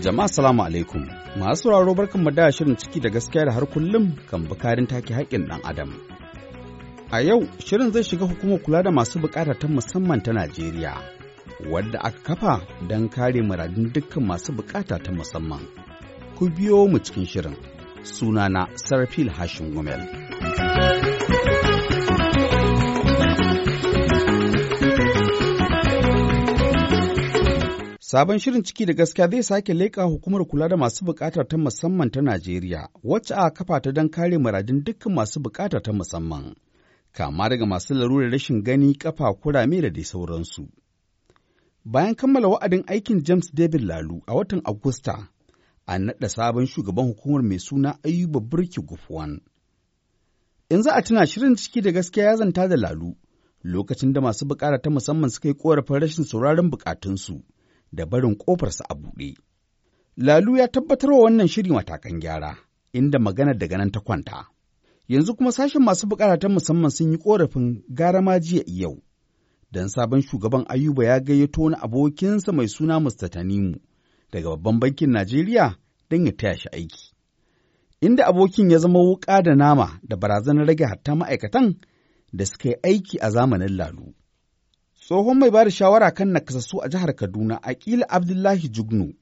Jama'a salamu alaikum masu sauraro barkan da shirin ciki da gaskiya da har kullum kan bukarin take haƙƙin ɗan adam. A yau shirin zai shiga hukumar kula da masu bukata ta musamman ta Najeriya wadda aka kafa don kare muradun dukkan masu bukata ta musamman. Ku biyo mu cikin shirin sunana sarfil hashin gumel Sabon shirin ciki da gaskiya zai sake leƙa hukumar kula da masu bukatar ta musamman ta Najeriya, wacce aka kafa ta don kare muradin dukkan masu bukatar ta musamman, kama daga masu larurar rashin gani, kafa, kurame da dai sauransu. Bayan kammala wa'adin aikin James David Lalu a watan Agusta, a naɗa sabon shugaban hukumar mai suna Ayuba Burki gufuwan. In za a tuna shirin ciki da gaskiya ya zanta da lalu, lokacin da masu bukata ta musamman suka yi korafin rashin sauraron bukatunsu da barin kofarsa a buɗe. Lalu ya tabbatar wa wannan shiri matakan gyara, inda magana daga nan ta kwanta. Yanzu kuma sashen masu bukata ta musamman sun yi korafin gara ma jiya yau. Dan sabon shugaban Ayuba ya gayyato wani abokinsa mai suna Mr. Tanimu. daga babban bankin Najeriya don ya taya shi aiki. Inda abokin ya zama wuƙa da nama da barazanar rage hatta ma'aikatan da suka yi aiki a zamanin lalu. Tsohon mai bada shawara kan nakasassu a jihar Kaduna, Aƙila Abdullahi Jugnu,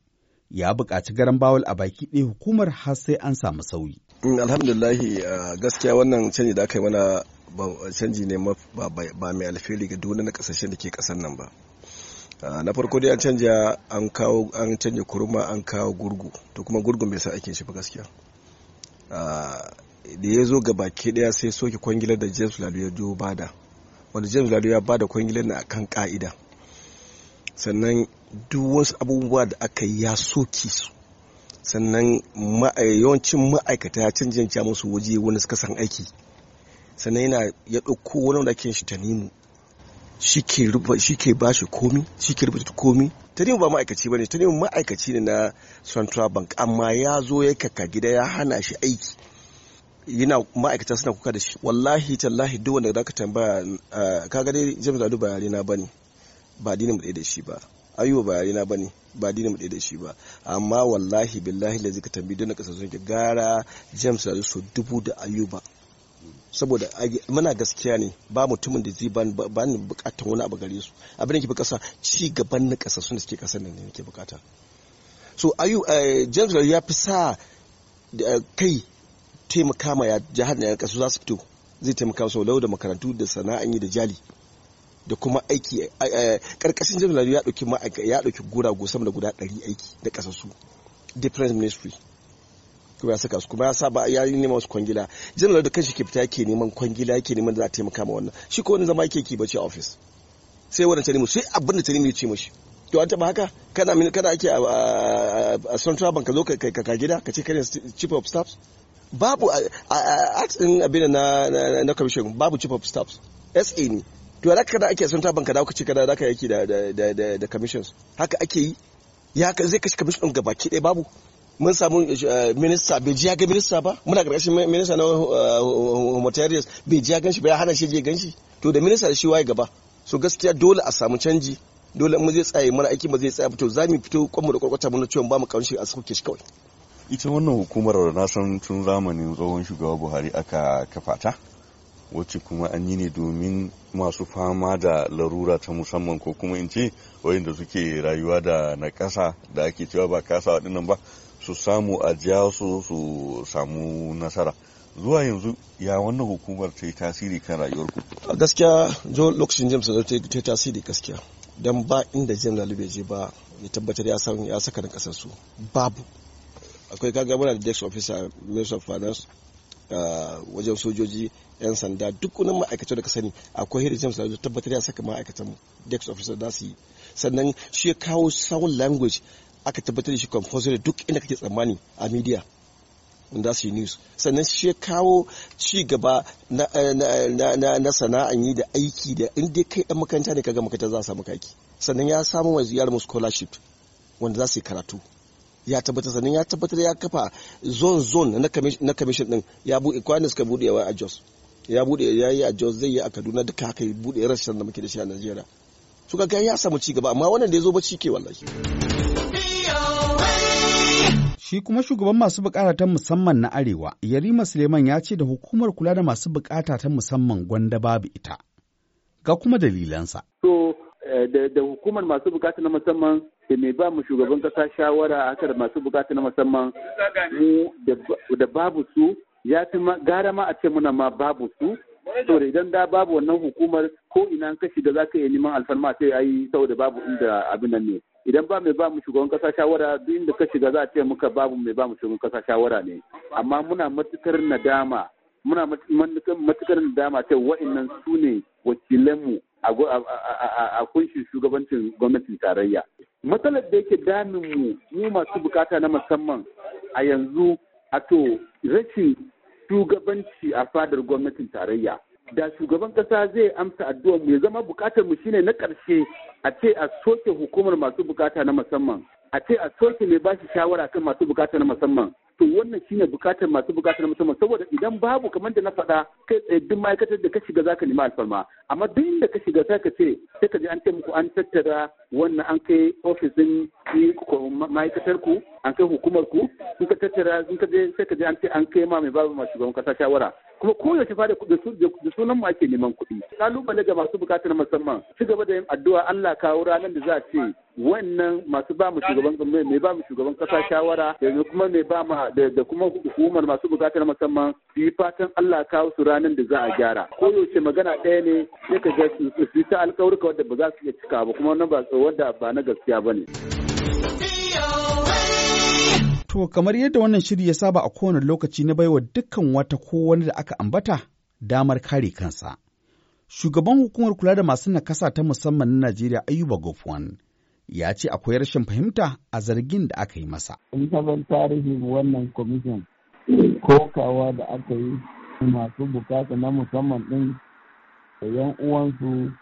ya buƙaci garan bawul a baki ɗaya hukumar har sai an samu sauyi. Mm, alhamdulillahi gaskiya wannan canji da aka yi mana canji ne ba mai alfili ga duniya na ƙasashen da ke ƙasar nan ba. na farko dai an canja an kawo an canja kurma an kawo gurgu to kuma gurgun bai sa aikin shi ba gaskiya da ya zo ga baki daya sai soke kwangilar da james lalu ya jo bada wanda james lalu ya bada kwangilar na akan ka'ida sannan duk wasu abubuwa da aka yi ya soke su sannan yawancin ma'aikata ya canja musu waje wani suka san aiki sannan yana ya ɗauko wani wanda ake shi tanimu shi ke ba shi komi shi ke rubuta komi ta ba ma'aikaci bane tanimu ma'aikaci ne na central bank amma ya zo ya kaka gida ya hana shi aiki yana ma'aikata suna kuka da shi wallahi tallahi duk wanda zaka tambaya ka ga dai James Adu ba na bane ba dinin mu da shi ba ayuba ba yare na bane ba dinin mu da shi ba amma wallahi billahi da zika tambi don kasa sun gara James Adu so dubu da ayuba saboda muna gaskiya ne ba mutumin da zai ba ni bukatar wani abu gare su abin da ke kasa ci gaban na kasa sun suke kasar nan ne ke bukata so ayu eh, james ya fi sa kai taimaka ma jihar na kasu za su fito zai taimaka sau lau da makarantu da sana'an yi da jali da kuma aiki karkashin james ya dauki ya dauki gura sama da guda 100 aiki da su different ministry kuma ya saka su kuma ya saba ya yi neman wasu kwangila general da kashi ke fita yake neman kwangila yake neman da za a taimaka ma wannan shi ko wani zama yake ki bace office sai wani tanimu sai abin da tanimu ya ce mashi to an taba haka kana min kana ake a central bank ka zo ka ka gida ka ce kare chief of staffs babu a din abin na na commission babu chief of staffs SA ne to da kada ake central bank ka dawo ka ce kada zaka yaki da da da commissions haka ake yi ya zai kashi commission gabaki ɗaya babu mun samu eh, minista bai ji ya ga minista ba muna karkashin minista na eh, humanitarians bai ji ya shi ba ya hana shi je shi to da minista da shi waye gaba so gaskiya dole a samu canji dole mu zai tsaye mana aiki ba zai tsaya fito za fito kwanmu da kwakwata mun cewa ciwon ba mu a sauke shi kawai ita wannan hukumar da na san tun zamanin tsohon shugaba buhari aka kafa ta wacce kuma an yi ne domin masu fama da larura ta musamman ko kuma in ce wayanda suke rayuwa da na ƙasa da ake cewa ba kasa waɗannan ba su samu a su su samu nasara zuwa yanzu ya wannan hukumar ta yi tasiri kan rayuwarku gaskiya jo lokacin james da ta yi tasiri gaskiya don ba inda general bai je ba ya tabbatar ya san ya saka na kasar su babu akwai kaga muna da desk officer minister of finance wajen sojoji yan sanda duk wani ma'aikacin da ka sani akwai hidden james da tabbatar ya saka ma'aikatan desk officer da su yi sannan shi kawo sound language aka tabbatar da shi compulsory duk inda kake tsammani a media da su yi news sannan shi ya kawo ci gaba na eh, sana'an yi da aiki da inda kai dan makaranta ne kaga makaranta za a samu kaki sannan ya samu wa musu scholarship wanda za su yi karatu ya tabbatar sannan ya tabbatar ya kafa zone zone na commission din ya buɗe kwanan suka buɗe wa a Jos ya buɗe ya yi a Jos zai yi a Kaduna duka haka yi buɗe rashin da muke da shi a Najeriya suka ga ya samu ci gaba amma wannan da ya zo ba shi ke wallahi Shi kuma shugaban masu bukata ta musamman na Arewa, Yarima Suleiman ya ce da hukumar kula da masu bukata ta musamman gwanda babu ita. Ga kuma dalilansa. So, eh, da hukumar masu bukata na musamman da mai ba mu shugaban kasa shawara a kan masu bukata na musamman mu da babu su ya fi gara ma a ce muna ma babu su So idan da babu wannan hukumar ko ina kashi da za ka iya neman alfarma sai ayi saboda babu inda abin nan ne idan ba mai ba mu shugaban kasa shawara duk inda ka shiga za a ce muka babu mai ba mu shugaban kasa shawara ne amma muna matukar nadama muna matukar nadama ce wa'annan su ne wakilanmu a kunshin shugabancin gwamnatin tarayya matsalar da yake damin mu mu masu bukata na musamman a yanzu a to rashin shugabanci a fadar gwamnatin tarayya da shugaban kasa zai amsa addu'ar mu ya zama bukatar mu shine na karshe a ce a soke hukumar masu bukata na musamman a ce a soke mai bashi shawara kan masu bukata na musamman to wannan shine bukatar masu na musamman saboda idan babu kamar da na faɗa kai tsaye duk ma'aikatar da ka shiga zaka nemi alfarma amma duk inda ka shiga sai ka ce sai ka ji an ce muku an tattara wannan an kai ofisin ma'aikatar ku an kai hukumar ku Kuka ka tattara sun ka je sai ka ji an ce an kai ma mai babu ma shugaban kasa shawara kuma koyaushe fa da sunan mu ake neman kuɗi kalubale ga masu bukatar musamman ci gaba da yin addu'a Allah kawo ranar da za a ce wannan masu ba mu shugaban mai ba mu shugaban kasa shawara da kuma mai ba mu da kuma hukumar masu bukatar musamman su yi fatan Allah kawo su ranar da za a gyara koyaushe magana ɗaya ne sai ka ga su ta alƙawarka wadda ba za su iya cika ba kuma wannan ba wanda ba na gaskiya ba ne. To, kamar yadda wannan shiri ya saba a kowane lokaci na baiwa dukkan wata ko wani da aka ambata damar kare kansa. Shugaban hukumar kula da masu nakasa ta musamman na Najeriya Ayuba Gofwan ya ce akwai rashin fahimta a zargin da aka yi masa. In sabon tarihin wannan kwamishin kokawa da aka yi masu bukata na musamman ɗin da yan uwansu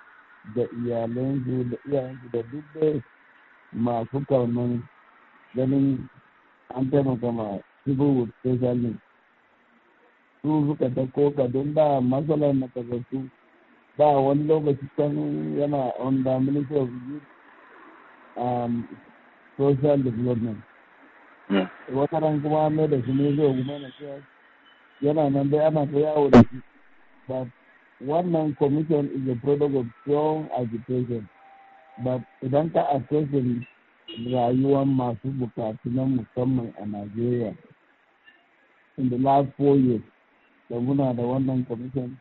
da iyalansu da iyayensu da duk masu kaunin ganin an taimaka ma people with special needs su suka ta ka don da matsalar na kasassu ba wani lokaci can yana on the ministry of youth um, social development wata ran kuma mai da shi ne zai kuma na yana nan dai ana ta yawo da shi but wannan commission is a product of strong agitation but idan ka assess rayuwar masu bukatu na musamman a Najeriya. In the last four years, da muna da wannan commission,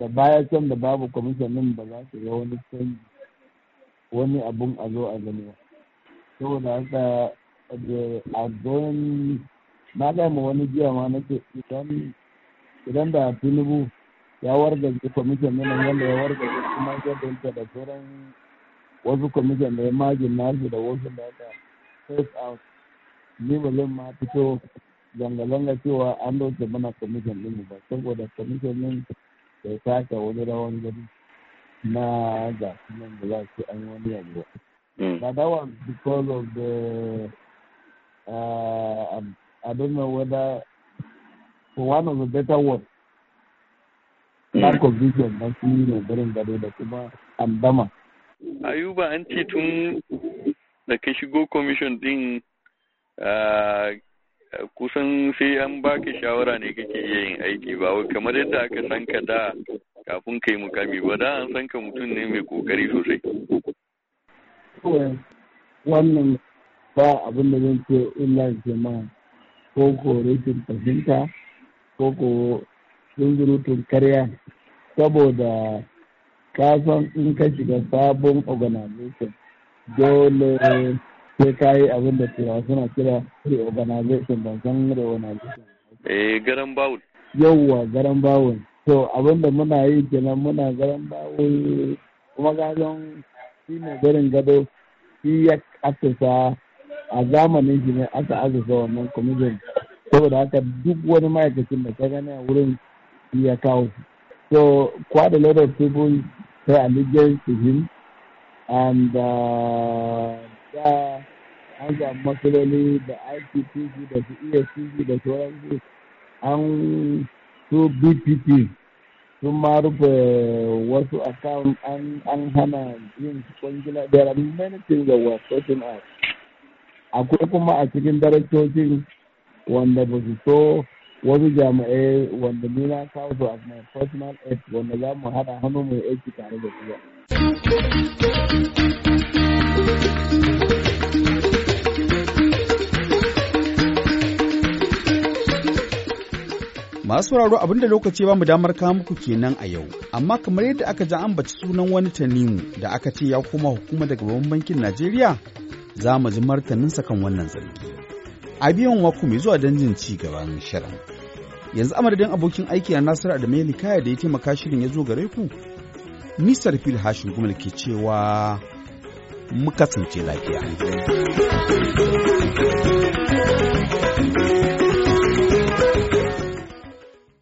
da baya can da babu commission nan ba za su yi wani canji, wani abun a zo a gani ba. Saboda haka da a don na gama wani jiya ma nake idan idan da Tinubu ya wargaje commission nan wanda ya wargaje kuma da sauran wasu kwamishin da ya magin nashi da wasu da ya face out ni ba zan ma fito zanga-zanga cewa an dauke mana kwamishin ɗin ba saboda kwamishin ɗin ya taka wani rawan gani na ga nan da za su an wani yanzu. ba that was because of the uh, I don't know whether for one of the better words lack of vision na su ne birin gado da kuma andama. ayuba an ce tun da ka shigo commission din kusan sai an baka shawara ne kake iya yin aiki ba kamar yadda aka san ka da kafin kai mukami ba da an san ka mutum ne mai kokari sosai wannan ba abin da zan ce illa jama'a ko ko rikin fahimta ko ko zunzurutun karya saboda ka san in ka shiga sabon organization dole sai ka yi abin da ke suna kira reorganization ban san reorganization eh garan bawul yauwa garan bawul to abin da muna yi kenan muna garan bawul kuma gazon shi ne garin gado shi ya asasa a zamanin shi ne aka asasa wannan kwamitin saboda haka duk wani ma'aikacin da ka gani a wurin shi ya kawo So quite a lot of people pay allegiance to him, and uh, an samu da ICPC da su ESCC da sauransu an su BPP sun ma rufe wasu account an hana yin kwangila there are many things that were akwai kuma a cikin daraktocin wanda ba su so wasu jami'ai wanda ni na kawo su as my personal aid wanda za mu haɗa hannu mai aiki tare da su Masu sauraro abinda lokaci ba mu damar kawo muku kenan a yau, amma kamar yadda aka ji an baci sunan wani tanimu da aka ce ya koma hukuma daga babban bankin Najeriya, za mu ji martaninsa kan wannan zargi. A biyan wa mai zuwa danjin ci gaban shirin. yanzu amadadin abokin aiki na nasiru adamu kaya da ya taimaka shirin ya zo gare ku nisar fil hashin gumal ke cewa muka kasance lafiya